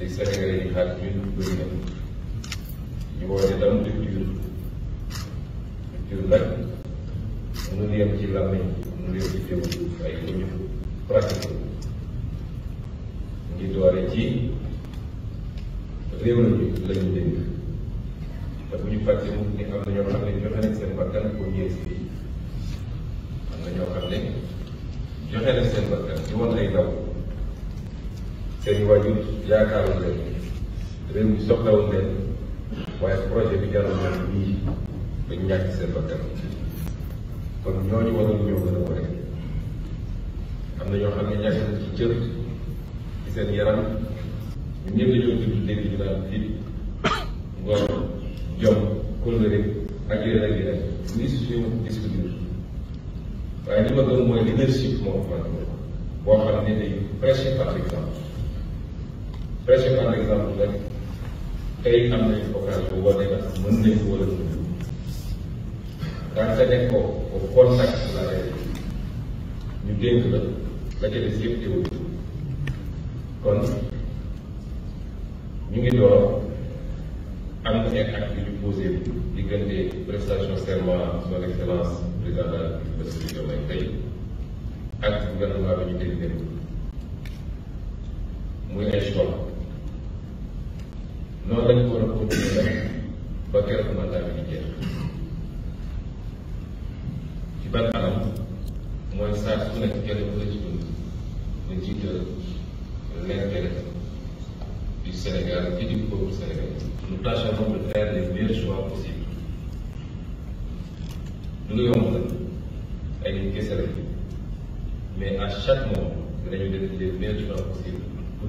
li Sénégalais yi xaaj bi bëri na ñu woote tam culture culture nag mënul yem ci làmmiñ mënul yem ci teewu ay lu ñu pratique ngi doore ci réew mi lañu dénk te bu ñu fàtte mu ni am na ñoo xam ne joxe nañ seen bakkan pour ñeent bi am na ñoo xam ne joxe nañ seen bakkan ci woon ay ndaw seen waajur yaakaaroon leen réew mi soxlawoon leen waaye projet bi jaral na lii ba ñàkk seen bakkan kon ñooñu waroon ñëw gën a am na ñoo xam ne ñàkk nañ ci cër ci seen yaram ñun ñëpp dañoo tudd dégg ñu naan fit ngor jom kóllëre ak yeneen ak yeneen li suñu discuter waaye li ma gën mooy leadership moom man boo xam ne day presque par exemple rek tey am nañu occasion bu wane nag mën nañu wala mën daanaka nekk au contact de la réalité ñu dénk la la ca des yëpp teewul ngi door am na ay actes yu ñu posé diggante prestation serment son excellence président de la République Bassirou Diomaye Faye ak gouvernement bi ñu noonu la ñu war a continuer ba keroog mandat bi di jeex ci ban anam mooy saa su nekk kenn ku la ci dund nga jiital l'intérêt du Sénégal et du peuple sénégalais. Nous tâcherons de faire les meilleurs choix possibles lu nga yomb ay nit kese la mais à chaque moment dinañu def les meilleurs choix possibles pour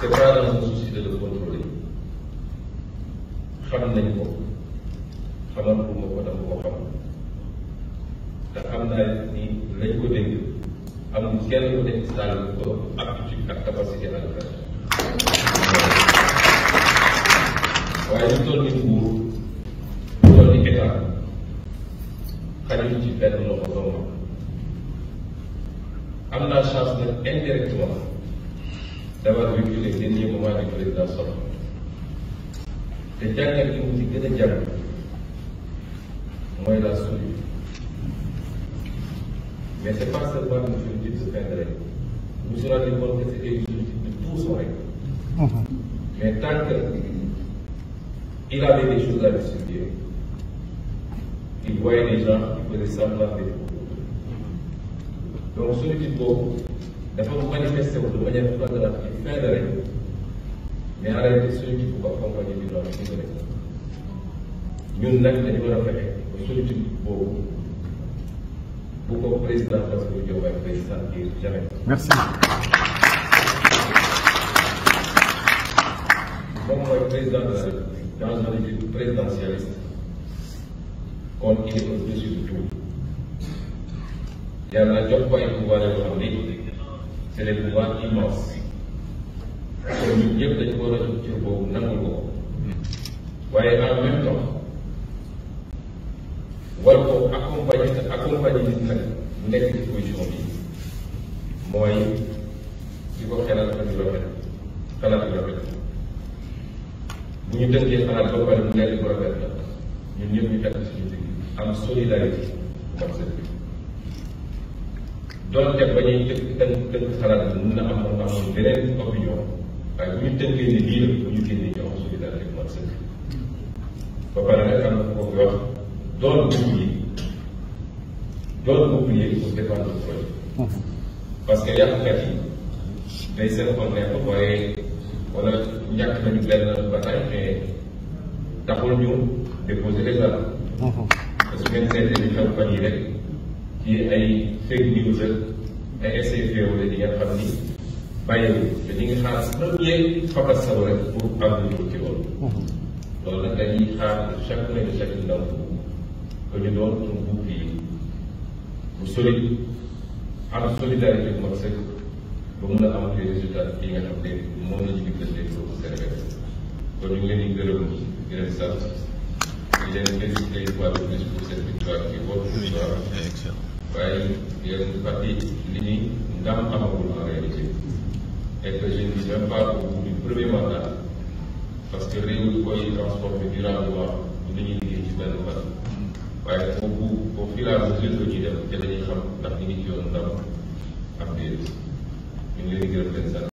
c'est pas dans un souci de le contrôler xam nañ ko xamal bu ma ko dama ko xam te xam naa ni lañ ko dégg amul kenn ku nekk saal ko aptitude ak capacité à le faire waaye ñu toll ni nguur ñu toll ni état xajul ci benn loxo doomu am naa chance nag indirectement d'avoir vécu les derniers moments du président Le te qui qui dit que les a moi il la solide mais n'est pas seulement une chose de se perdrait. règne nous nous rendons compte que c'était une solution de tout son règne mm-hmm. mais tant qu'il avait des choses à distribuer il voyait des gens qui faisaient semblant d'être donc est beau, dafa manifesté wu de manière flagrante ci fin de règne mais en réalité solitude bu ko accompagné bi noonu suñu ko ñun nag dañu war a fexe ba solitude boobu bu ko président Bassirou Diomaye Faye sentir jamais. merci. moom mooy président de la République dans une attitude présidentialiste kon il est au-dessus de tout yàlla jox ko ay pouvoir yoo xam ne c'est le pouvoir immense kon ñun ñëpp dañu war a jóg cër boobu nangul ko waaye en même temps war ko accompagner te accompagner nit nag nekk ci position bi mooy di ko xelal ak ñu rafet xalaat yu rafet bu ñu dënkee xalaat ba pare mu nekk bu rafet la ñun ñëpp ñu takk suñu digg am solidarité comme doonte ba ñuy tënk tënk tënk xalaat bi mun na am am am beneen opinion waaye bu ñu tënkee ne lii la bu ñu génnee ñoo xam suñu daal rek mën sëkk ba pare nag am ko wax doon bouclier doon bouclier pour défendre le projet parce que yàqkat yi day seen xol ne ko waaye wala ñàkk nañu benn bataille mais taxul ñu déposer les armes mhm. parce que ngeen seetee li xew fan yi rek ci ay fake news ak ay essai féewale di nga xam ni bàyyiwul te ñu ngi xaar premier xabasaw rek pour am ñu ci loolu. Mhm. loolu nag dañuy xaar chaque année chaque ndaw que ñu doon un bouclier bu solide am solidarité bu mag sëkk ba mun a am des résultats yi nga xam ne moom la ñu diggante pour Sénégal kon ñu ngi leen di gërëm di leen sant. Il y a une qualité de pour cette victoire qui est bonne. waaye yenn parti li ñuy ndam amagul en réalité et que je ne suis même pas au bout du premier mandat parce que réew koy transformer durablement du ñuy liggéey ci benn fan waaye au bout au fur et à mesure que ñuy dem te dañuy xam ndax ñu ngi ci yoon ndam ak déet ñu ngi leen di gërëm leen